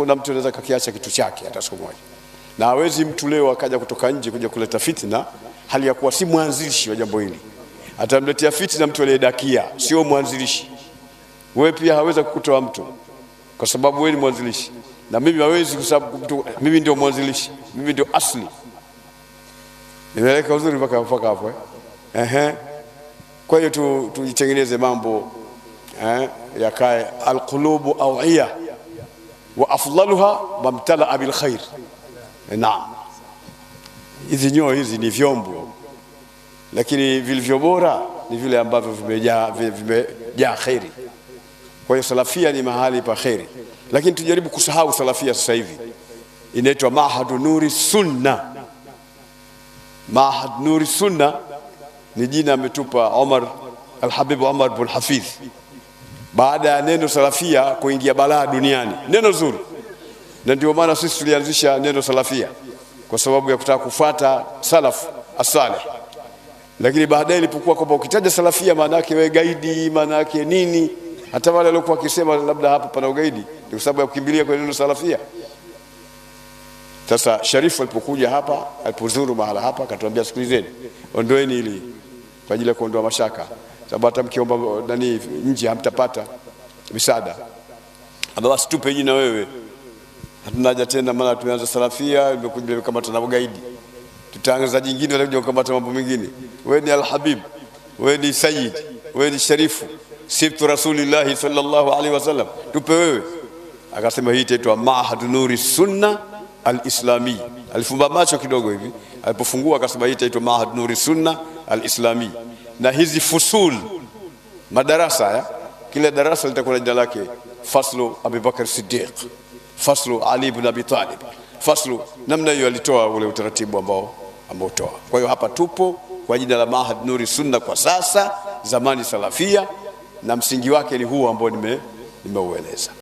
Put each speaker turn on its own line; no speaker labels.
Kuna mtu anaweza kakiacha kitu chake hata siku moja, na hawezi mtu leo akaja kutoka nje kuja kuleta fitna, hali ya kuwa si mwanzilishi wa jambo hili. Atamletea fitna mtu aliyedakia, sio mwanzilishi. Wewe pia hawezi kukutoa mtu, kwa sababu wewe ni mwanzilishi, na mimi hawezi, kwa sababu mtu mimi ndio mwanzilishi, mimi ndio asli. Nimeleka uzuri mpaka mpaka hapo eh? Ehe. Kwa hiyo tu, tujitengeneze mambo eh, yakae alqulubu awiya waafdaluha abil khair. Naam, hizi nyoo hizi ni vyombo, lakini vilivyo bora ni vile ambavyo vimejaa vimejaa khairi. Kwa hiyo salafia ni mahali pa kheri, lakini tujaribu kusahau salafia sasa hivi inaitwa Mahadu Nuri Sunna. Mahad Nuri Sunna ni jina ametupa Omar Alhabibu Omar bin Hafidh baada ya neno salafia kuingia balaa duniani, neno zuri, na ndio maana sisi tulianzisha neno salafia kwa sababu ya kutaka kufuata salaf asalih lakini baadaye ilipokuwa kwamba ukitaja salafia maana yake wewe gaidi, maana yake nini? Hata wale waliokuwa wakisema labda hapa pana ugaidi ni kwa sababu ya kukimbilia kwenye neno salafia. Sasa Sharifu alipokuja hapa, alipozuru mahala hapa, akatuambia sikilizeni, ondoeni hili kwa ajili ya kuondoa mashaka sababu hata mkiomba nani nje hamtapata misaada. Ama basi tupe jina wewe, hatuna haja tena, maana tumeanza salafia, imekuja imekamata na ugaidi, tutaanza jingine, watakuja kukamata mambo mengine. Wewe ni Alhabib, wewe ni Sayyid, wewe ni Sharifu, sibtu Rasulillahi sallallahu alaihi wasallam, tupe wewe. Akasema hii itaitwa Mahad Nuri Sunna Alislami. Alifumba macho kidogo hivi, alipofungua akasema hii itaitwa Mahad Nuri Sunna Alislami na hizi fusul madarasa ya eh? kila darasa litakuwa na jina lake, faslu Abubakar Siddiq, faslu Ali ibn Abi Talib, faslu. Namna hiyo alitoa ule utaratibu ambao ameutoa. Kwa hiyo hapa tupo kwa jina la Mahad Nuri Sunna kwa sasa, zamani Salafia, na msingi wake ni huu ambao nimeueleza nime